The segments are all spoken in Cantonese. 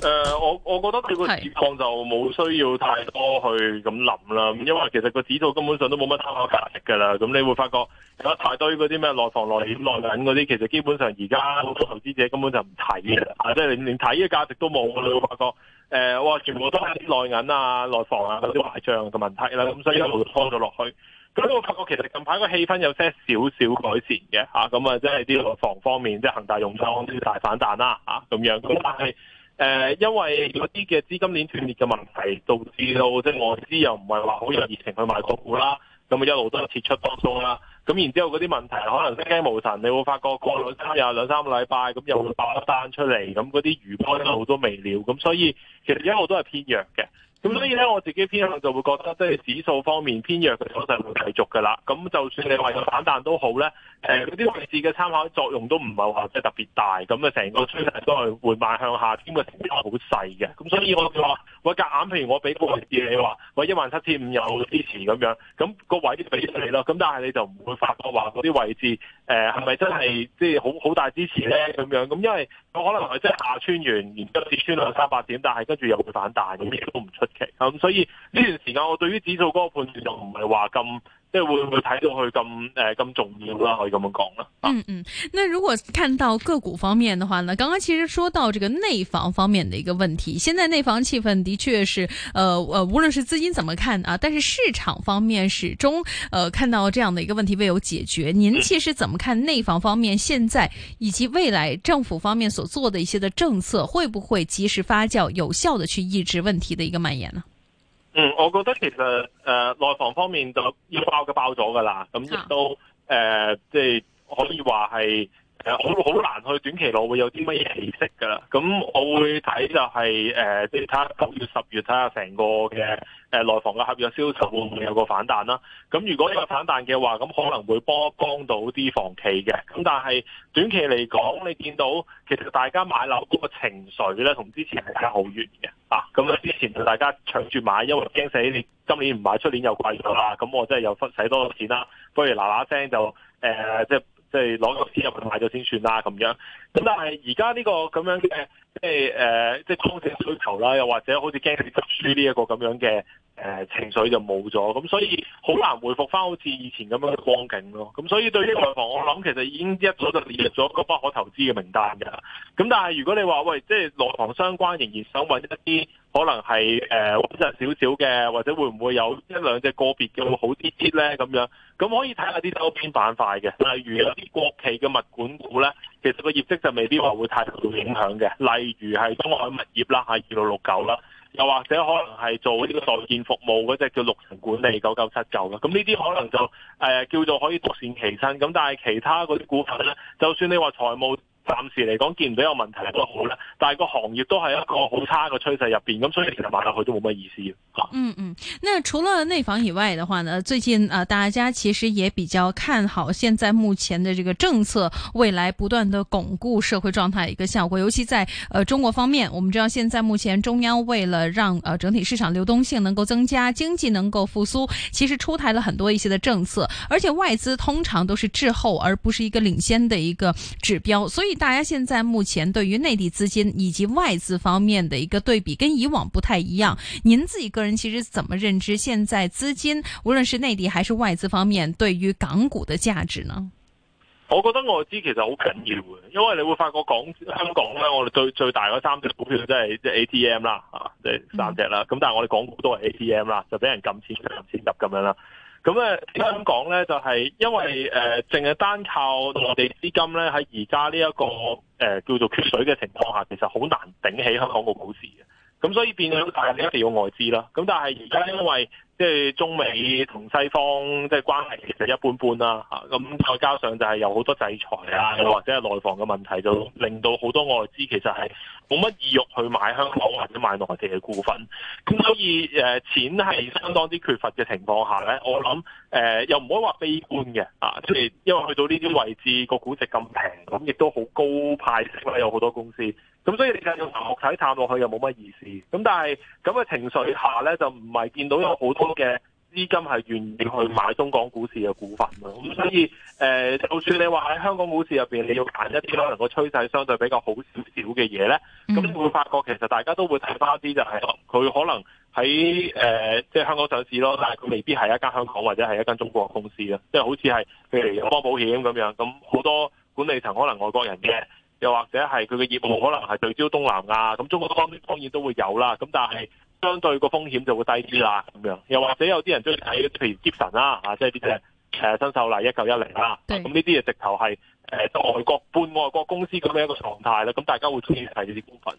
誒、呃，我我覺得佢個情況就冇需要太多去咁諗啦，因為其實個指數根本上都冇乜參考價值噶啦，咁你會發覺有一堆嗰啲咩內房、內險、內銀嗰啲，其實基本上而家好多投資者根本就唔睇嘅，即係你連睇嘅價值都冇，你會發覺誒、呃，哇，全部都係啲內銀啊、內房啊嗰啲壞賬嘅問題啦，咁所以一路拖咗落去。咁我發覺其實近排個氣氛有些少少改善嘅，吓，咁啊，即係啲內房方面，即係恆大用、融創大反彈啦、啊，吓、啊，咁樣，咁但係。誒、呃，因為嗰啲嘅資金鏈斷裂嘅問題，導致到即係外資又唔係話好有熱情去買港股啦，咁啊一路都撤出當中啦。咁然之後嗰啲問題可能一驚無神，你會發覺過兩三日兩三個禮拜，咁又會爆一單出嚟，咁嗰啲餘波一路都未了，咁所以其實一路都係偏弱嘅。咁所以咧，我自己偏向就會覺得，即係指數方面偏弱嘅走勢會繼續噶啦。咁就算你話有反彈都好咧，誒嗰啲位置嘅參考作用都唔係話即係特別大。咁啊，成個趨勢都係緩慢向下，兼個成交好細嘅。咁所以我話，喂、呃，隔硬，譬如我俾、呃、個位置你話，喂，一萬七千五又支持咁樣，咁個位都俾咗你咯。咁但係你就唔會發覺話嗰啲位置。誒係咪真係即係好好大支持咧咁樣？咁因為我可能係即係下穿完，然之後跌穿兩三百點，但係跟住又會反彈，咁亦都唔出奇。咁、嗯、所以呢段時間，我對於指數嗰個判斷就唔係話咁。即係會唔會睇到佢咁誒咁重要啦？可以咁樣講啦。嗯嗯，那如果看到個股方面的話呢？剛剛其實說到這個內房方面的一個問題，現在內房氣氛的確是，呃，呃無論是資金怎麼看啊，但是市場方面始終，呃，看到這樣的一個問題未有解決。您其實怎麼看內房方面現在以及未來政府方面所做的一些的政策，會不會及時發酵，有效地去抑制問題的一個蔓延呢？嗯，我覺得其實誒、呃、內房方面都爆了都、呃、就要爆嘅爆咗㗎啦，咁亦都誒，即係可以話係。好好難去短期內會有啲乜嘢起色噶啦，咁我會睇就係誒，即係睇下九月、十月睇下成個嘅誒內房嘅合約銷售會唔會有個反彈啦。咁如果有反彈嘅話，咁可能會幫幫到啲房企嘅。咁但係短期嚟講，你見到其實大家買樓嗰個情緒咧，同之前係差好遠嘅啊。咁啊，之前就大家搶住買，因為驚死你今年唔買，出年又貴咗啦。咁我真係又使多咗錢啦，不如嗱嗱聲就誒、呃，即係。即係攞咗錢入去買咗先算啦，咁樣。咁但係而家呢個咁樣嘅，即係誒，即係剛性需求啦，又或者好似驚佢哋執輸呢一個咁樣嘅誒、呃、情緒就冇咗，咁所以好難回復翻好似以前咁樣嘅光景咯。咁所以對於內房，我諗其實已經一早就列入咗一個不可投資嘅名單㗎。咁但係如果你話喂，即係內房相關，仍然想搵一啲。可能係誒穩實少少嘅，或者會唔會有一兩隻個別嘅會好啲啲咧咁樣，咁可以睇下啲周邊板塊嘅，例如有啲國企嘅物管股咧，其實個業績就未必話會太受到影響嘅，例如係中海物業啦，係二六六九啦，又或者可能係做呢個代建服務嗰隻叫綠城管理九九七九啦，咁呢啲可能就誒、呃、叫做可以獨善其身，咁但係其他嗰啲股份咧，就算你話財務。暫時嚟講見唔到有問題都好啦，但係個行業都係一個好差嘅趨勢入邊，咁所以其實買落去都冇乜意思。嗯嗯，那除了內房以外嘅話呢，最近啊、呃，大家其實也比較看好現在目前的這個政策未來不斷地鞏固社會狀態一個效果，尤其在呃中國方面，我們知道現在目前中央為了讓呃整體市場流動性能夠增加，經濟能夠復甦，其實出台了很多一些的政策，而且外資通常都是滯後，而不是一個領先嘅一個指標，所以。大家現在目前對於內地資金以及外資方面的一個對比，跟以往不太一樣。您自己個人其實怎麼認知現在資金，無論是內地還是外資方面，對於港股的價值呢？我覺得外資其實好緊要嘅，因為你會發覺港香港咧，我哋最最大嗰三隻股票真係即係 ATM 啦、啊，即係三隻啦。咁但係我哋港股都係 ATM 啦，就俾人撳錢、撳錢入咁樣啦。咁誒點解咁講咧？就係因為誒淨係單靠內地資金咧，喺而家呢一個誒叫做缺水嘅情況下，其實好難頂起香港個股市嘅。咁所以變咗，大陸一定要外資啦。咁但係而家因為即係中美同西方即係關係其實一般般啦。咁再加上就係有好多制裁啊，又或者係內房嘅問題，就令到好多外資其實係冇乜意欲去買香港或者買內地嘅股份。咁所以誒，錢係相當之缺乏嘅情況下咧，我諗誒、呃、又唔可以話悲觀嘅啊。即係因為去到呢啲位置個估值咁平，咁亦都好高派息啦，有好多公司。咁所以你繼續從學體探落去又冇乜意思。咁但係咁嘅情緒下咧，就唔係見到有好多嘅資金係願意去買中港股市嘅股份咯。咁所以誒、呃，就算你話喺香港股市入面，你要揀一啲可能個趨勢相對比較好少少嘅嘢咧，咁會發覺其實大家都會睇翻一啲就係、是、佢可能喺誒即係香港上市咯，但係佢未必係一間香港或者係一間中國公司即係、就是、好似係譬如安邦保險咁樣，咁好多管理層可能外國人嘅。又或者係佢嘅業務可能係對焦東南亞，咁中國方面當然都會有啦。咁但係相對個風險就會低啲啦，咁樣又或者有啲人中意睇，譬如接神 s n 啦，即係啲嘅誒新秀麗一九一零啦，咁呢啲嘢直頭係誒外國半外國公司咁樣一個狀態啦。咁大家會中意睇呢啲股份。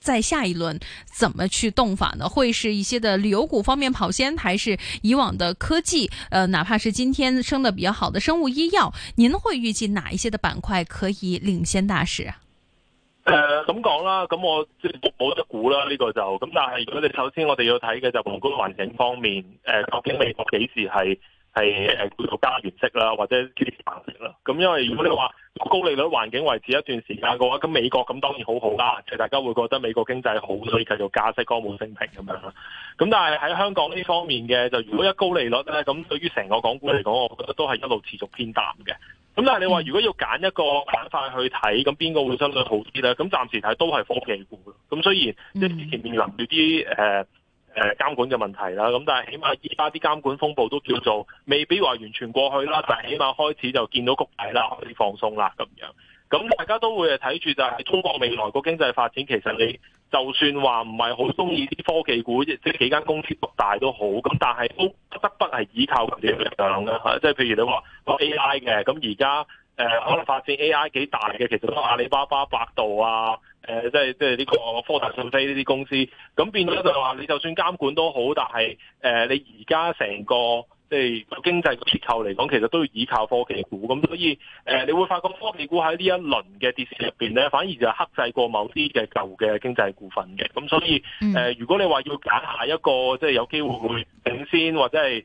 在下一輪怎麼去動法呢？會是一些的旅遊股方面跑先，還是以往的科技？呃，哪怕是今天升得比較好的生物醫藥，您會預計哪一些的板塊可以領先大市？呃，咁講啦，咁我即係冇得估啦，呢、呢個就咁、呢個。但係如果你首先我哋要睇嘅，就宏觀環境方面，誒、呃，究竟美國幾時係？係誒叫做加元息啦，或者啲息貶啦。咁因為如果你話高利率環境維持一段時間嘅話，咁美國咁當然好好啦，即係大家會覺得美國經濟好，所以繼續加息，歌舞升平咁樣啦。咁但係喺香港呢方面嘅，就如果一高利率咧，咁對於成個港股嚟講，我覺得都係一路持續偏淡嘅。咁但係你話如果要揀一個板塊去睇，咁邊個會相對好啲咧？咁暫時睇都係科技股。咁雖然即係之前面臨住啲誒。呃誒，監管嘅問題啦，咁但係起碼而家啲監管風暴都叫做未必話完全過去啦，但係起碼開始就見到谷底啦，開始放鬆啦咁樣。咁大家都會係睇住就係中國未來個經濟發展，其實你就算話唔係好中意啲科技股，即係幾間公司獨大都好，咁但係都不得不係依靠佢哋嘅力量嘅吓。即係譬如你話個 AI 嘅，咁而家。誒、呃，可能發展 AI 幾大嘅，其實都阿里巴巴、百度啊，誒、呃，即係即係呢個科大訊飛呢啲公司，咁變咗就話你就算監管都好，但係誒、呃，你而家成個即係、就是、經濟結構嚟講，其實都要依靠科技股，咁所以誒、呃，你會發覺科技股喺呢一輪嘅跌市入面咧，反而就克制過某啲嘅舊嘅經濟股份嘅，咁所以誒、呃，如果你話要揀下一個即係、就是、有機會會領先或者係。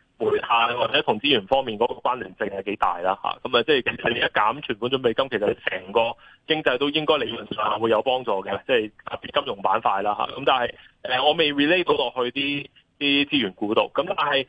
背後或者同資源方面嗰個關聯性係幾大啦嚇，咁啊即係你一減存款準備金，其實成個經濟都應該理論上係會有幫助嘅，即係特別金融板塊啦嚇，咁但係誒我未 relate 到落去啲啲資源股度。咁但係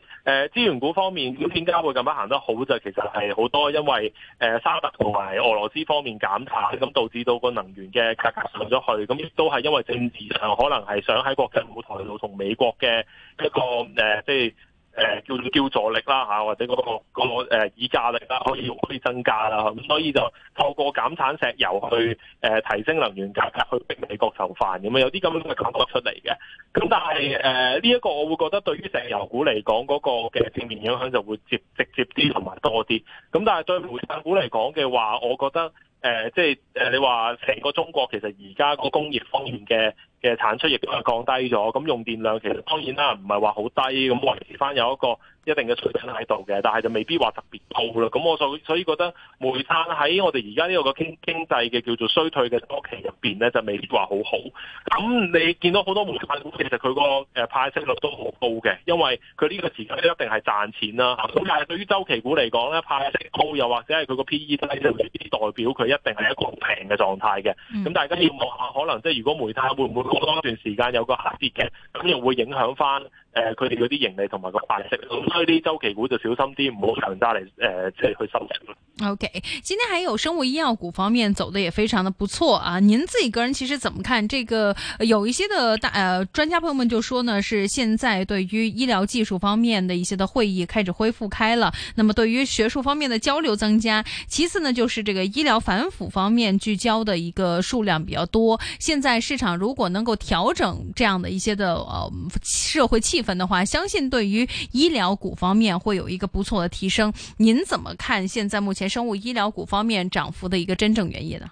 誒資源股方面，點點解會咁樣行得好，就其實係好多因為誒沙特同埋俄羅斯方面減產，咁導致到個能源嘅價格，格上咗去。咁亦都係因為政治上可能係想喺國際舞台度同美國嘅一個誒，即係。誒、呃、叫叫助力啦或者嗰、那個、那個誒議、呃、價力啦，可以可以增加啦，咁所以就透過減產石油去誒、呃、提升能源價格，去逼美國就範咁樣，有啲咁樣嘅感覺出嚟嘅。咁但係誒呢一個我會覺得對於石油股嚟講嗰個嘅正面影響就會接直接啲同埋多啲。咁但係對煤炭股嚟講嘅話，我覺得。誒、呃，即係、呃、你話成個中國其實而家個工業方面嘅嘅產出亦都係降低咗，咁用電量其實當然啦，唔係話好低，咁維持返有一個一定嘅水平喺度嘅，但係就未必話特別好啦。咁我所所以覺得煤炭喺我哋而家呢個個經經濟嘅叫做衰退嘅週期入邊咧，就未必話好好。咁你見到好多煤炭股，其實佢個派息率都好高嘅，因為佢呢個時間都一定係賺錢啦。咁但係對於周期股嚟講咧，派息高又或者係佢個 P E 低就未必代表佢一定係一個平嘅狀態嘅。咁大家要望下，可能即係如果煤炭會唔會過多一段時間有個下跌嘅，咁又會影響翻佢哋嗰啲盈利同埋個派息。開啲周期股就小心啲，唔好強加嚟誒，即、呃、係去收場 OK，今天還有生物醫藥股方面走得也非常的不錯啊！您自己個人其實怎麼看？這個有一些的大呃專家朋友們就說呢，是現在對於醫療技術方面的一些的會議開始恢復開了，那麼對於學術方面的交流增加。其次呢，就是這個醫療反腐方面聚焦的一個數量比較多。現在市場如果能夠調整這樣的一些的呃社會氣氛的話，相信對於醫療。股方面會有一個不錯的提升，您怎麼看現在目前生物醫療股方面漲幅的一個真正原因呢？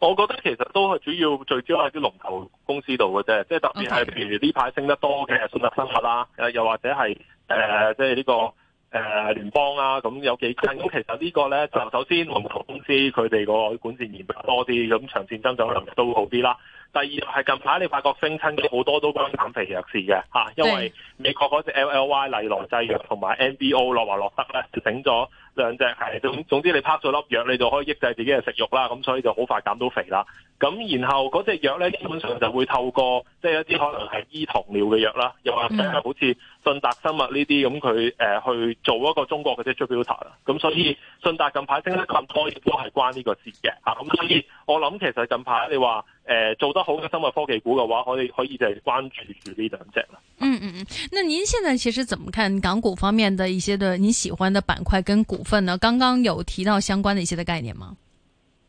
我覺得其實都係主要聚焦喺啲龍頭公司度嘅啫，即係特別係譬如呢排升得多嘅信達生物啦，又或者係誒、呃、即係、這、呢個誒、呃、聯邦啊。咁、嗯、有幾間。咁、嗯、其實這個呢個咧就首先龍頭公司佢哋個管線嚴多啲，咁長線增長就可能都好啲啦。第二係近排你發覺升親嘅好多都關減肥藥事嘅吓，因為美國嗰隻 LLY 禮來製藥同埋 NBO 諾華諾德咧就整咗。兩隻係總總之你拍咗粒藥你就可以抑制自己嘅食慾啦，咁所以就好快就減到肥啦。咁然後嗰隻藥咧基本上就會透過即係、就是、一啲可能係醫糖尿病嘅藥啦，又或者係好似信達生物呢啲咁佢誒去做一個中國嘅即係 drug booster。咁所以信達近排升得咁多亦都係關呢個事嘅嚇。咁所以我諗其實近排你話誒、呃、做得好嘅生物科技股嘅話，可以可以就係關注住呢兩隻啦。嗯嗯嗯，那您現在其實怎麼看港股方面的一些的您喜歡的板塊跟股份呢？剛剛有提到相關的一些的概念嗎？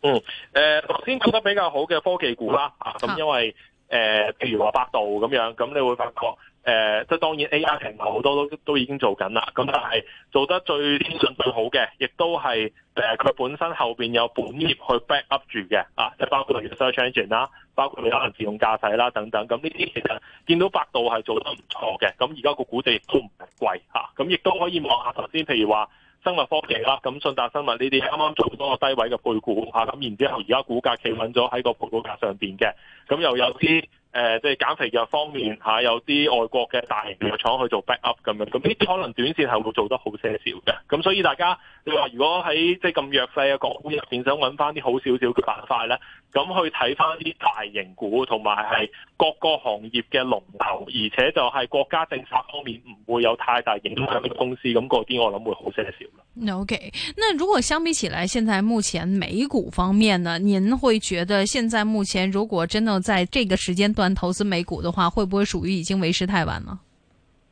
嗯，誒、呃，頭先覺得比較好嘅科技股啦咁、啊、因為誒、呃，譬如話百度咁樣，咁你會發覺。誒、呃，即係當然 A.I. 平台好多都都已經做緊啦，咁但係做得最先進最好嘅，亦都係誒佢本身後邊有本業去 back up 住嘅，啊，即係包括佢 search engine 啦、啊，包括佢可能自動駕駛啦、啊、等等，咁呢啲其實見到百度係做得唔錯嘅，咁而家個估值亦都唔係貴嚇，咁、啊、亦、啊、都可以望下頭先，譬如話生物科技啦，咁、啊、信達生物呢啲啱啱做咗個低位嘅配股嚇，咁、啊啊、然之後而家股價企穩咗喺個配股價上邊嘅，咁、啊、又有啲。誒、呃，即係減肥藥方面、啊、有啲外國嘅大型藥廠去做 back up 咁樣，咁呢啲可能短線係會做得好些少嘅。咁所以大家你話，如果喺即係咁弱勢嘅港股入面想小小，想搵翻啲好少少嘅板塊咧，咁去睇翻啲大型股同埋係各個行業嘅龍頭，而且就係國家政策方面唔會有太大影響嘅公司，咁嗰啲我諗會好些少。O.K. 那如果相比起來，現在目前美股方面呢？您會覺得現在目前如果真的在這個時間段投資美股的話，會不會屬於已經為時太晚呢？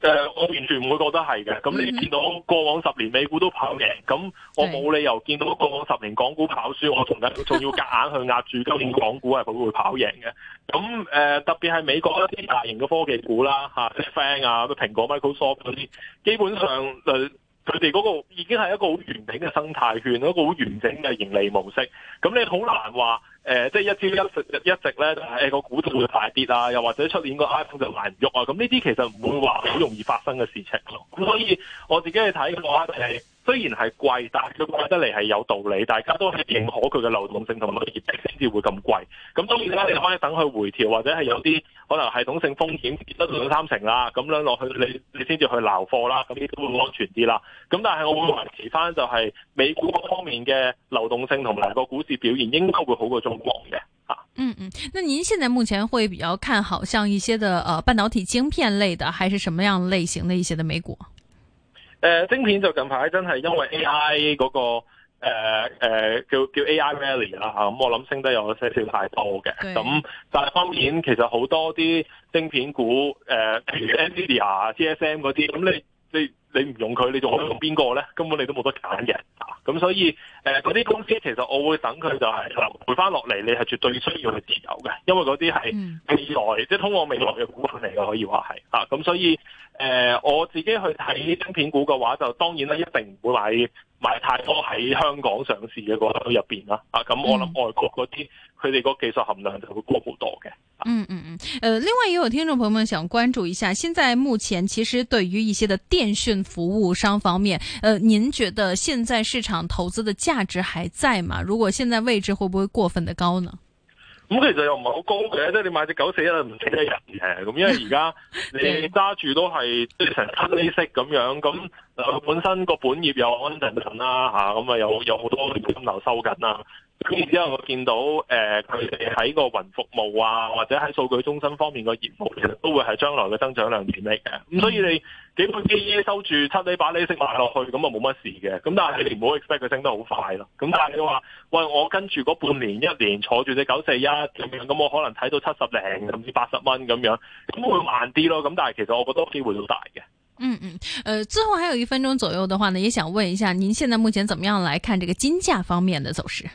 誒、呃，我完全唔會覺得係嘅。咁你見到過往十年美股都跑贏，咁、嗯、我冇理由見到過往十年港股跑輸，我仲要仲要夾硬去壓住。今 年港股係會會跑贏嘅。咁誒、呃，特別係美國一啲 大型嘅科技股啦，吓，f r Fan 啊，蘋、啊、果、Microsoft 嗰啲，基本上、呃佢哋嗰個已經係一個好完整嘅生態圈，一個好完整嘅盈利模式。咁你好難話，呃，即係一朝一夕一直咧，呃，股就會大跌啊，又或者出年個 iPhone 就難喐啊。咁呢啲其實唔會話好容易發生嘅事情咯。咁所以我自己去睇嘅話，就係。雖然係貴，但係佢貴得嚟係有道理，大家都係認可佢嘅流動性同埋業績，先至會咁貴。咁當然啦，你可以等佢回調或者係有啲可能系統性風險跌得兩三成啦，咁樣落去你你先至去撈貨啦，咁呢啲會安全啲啦。咁但係我會維持翻就係美股方面嘅流動性同埋個股市表現，應該會好過中國嘅吓。嗯嗯，那您現在目前會比較看好，像一些的、呃、半導體晶片類的，還是什麼樣類型的一些的美股？誒，晶片就近排真係因為 A I 嗰、那個誒誒、呃呃、叫叫 A I rally 啦、啊，咁、嗯、我諗升得有少少太多嘅，咁但係當然其實好多啲晶片股，誒、呃，譬如 Nvidia CSM、TSM 嗰啲，咁你你你唔用佢，你仲可以用邊個咧？根本你都冇得揀嘅，啊，咁所以誒嗰啲公司其實我會等佢就係、是、流回翻落嚟，你係絕對需要去持有嘅，因為嗰啲係未來、嗯、即係通往未來嘅股份嚟嘅，可以話係，咁、啊、所以。呃、我自己去睇晶片股嘅話，就當然啦，一定唔會買買太多喺香港上市嘅股入邊啦。啊，咁我諗外國嗰啲，佢哋個技術含量就會高好多嘅。嗯嗯嗯、呃，另外也有聽眾朋友們想關注一下，現在目前其實對於一些的電訊服務商方面，呃，您覺得現在市場投資的價值還在嗎？如果現在位置會不會過分的高呢？咁其實又唔係好高嘅，即係你買隻狗死啊，唔死得人嘅，咁因為而家你揸住都係即係成七釐息咁樣，咁本身個本業又安定緊啦，吓，咁啊有有好多金流收緊啦。咁然之後我見到誒，佢哋喺個雲服務啊，或者喺數據中心方面個業務，其實都會係將來嘅增長量年嚟嘅。咁所以你幾本基收住七厘八厘息買落去，咁啊冇乜事嘅。咁但係你唔好 expect 佢升得好快咯。咁但係你話喂，我跟住嗰半年一年坐住隻九四一咁樣，咁我可能睇到七十零甚至八十蚊咁樣，咁會慢啲咯。咁但係其實我覺得機會好大嘅。嗯嗯，誒、呃，最後還有一分鐘左右嘅話呢，也想問一下，您現在目前怎麼樣來看這個金價方面嘅走勢？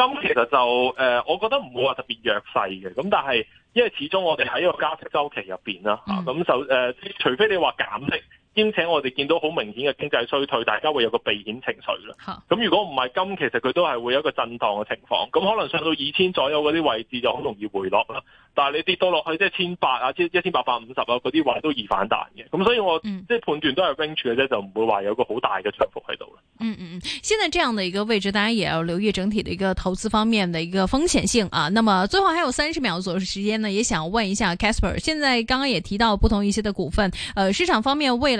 咁其實就誒、呃，我覺得唔會話特別弱勢嘅，咁但係因為始終我哋喺一個加息週期入邊啦，咁、吓、就誒、呃，除非你話減息。兼且我哋見到好明顯嘅經濟衰退，大家會有個避險情緒啦。咁如果唔係金，其實佢都係會有一個震盪嘅情況。咁可能上到二千左右嗰啲位置就好容易回落啦。但係你跌多落去即係千八啊，即一千八百五十啊嗰啲位都易反彈嘅。咁所以我、嗯、即係判斷都係 range 嘅啫，就唔會話有個好大嘅漲幅喺度。嗯嗯嗯，現在這樣嘅一個位置，大家也要留意整體嘅一個投資方面嘅一個風險性啊。那麼最後還有三十秒左右的時間呢，也想問一下 Casper，現在剛剛也提到不同一些嘅股份、呃，市場方面未來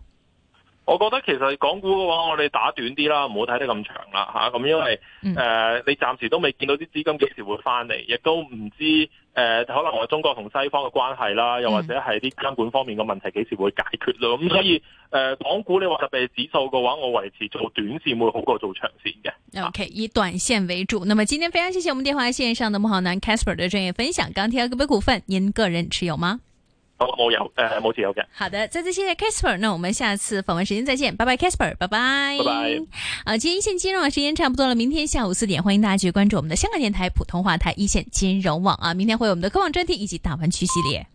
我覺得其實港股嘅話，我哋打短啲啦，唔好睇得咁長啦吓，咁因為誒、嗯呃，你暫時都未見到啲資金幾時會翻嚟，亦都唔知誒、呃，可能我中國同西方嘅關係啦，又或者係啲監管方面嘅問題幾時會解決咯，咁、嗯、所以誒、呃，港股你話特別指數嘅話，我維持做短線會好過做長線嘅。O、okay, K，以短線為主。那麼今天非常謝謝我們電話線上的莫灝楠 Casper 嘅專業分享。鋼鐵股、北股份，您個人持有嗎？我冇有，誒、呃，冇持有嘅。好的，再次謝謝 Casper，那我們下次訪問時間再見，拜拜 Casper，拜拜。拜拜。啊，今天一線金融網時間差不多了，明天下午四點歡迎大家去關注我們的香港電台普通話台一線金融網啊，明天會有我們的科網專題以及大灣區系列。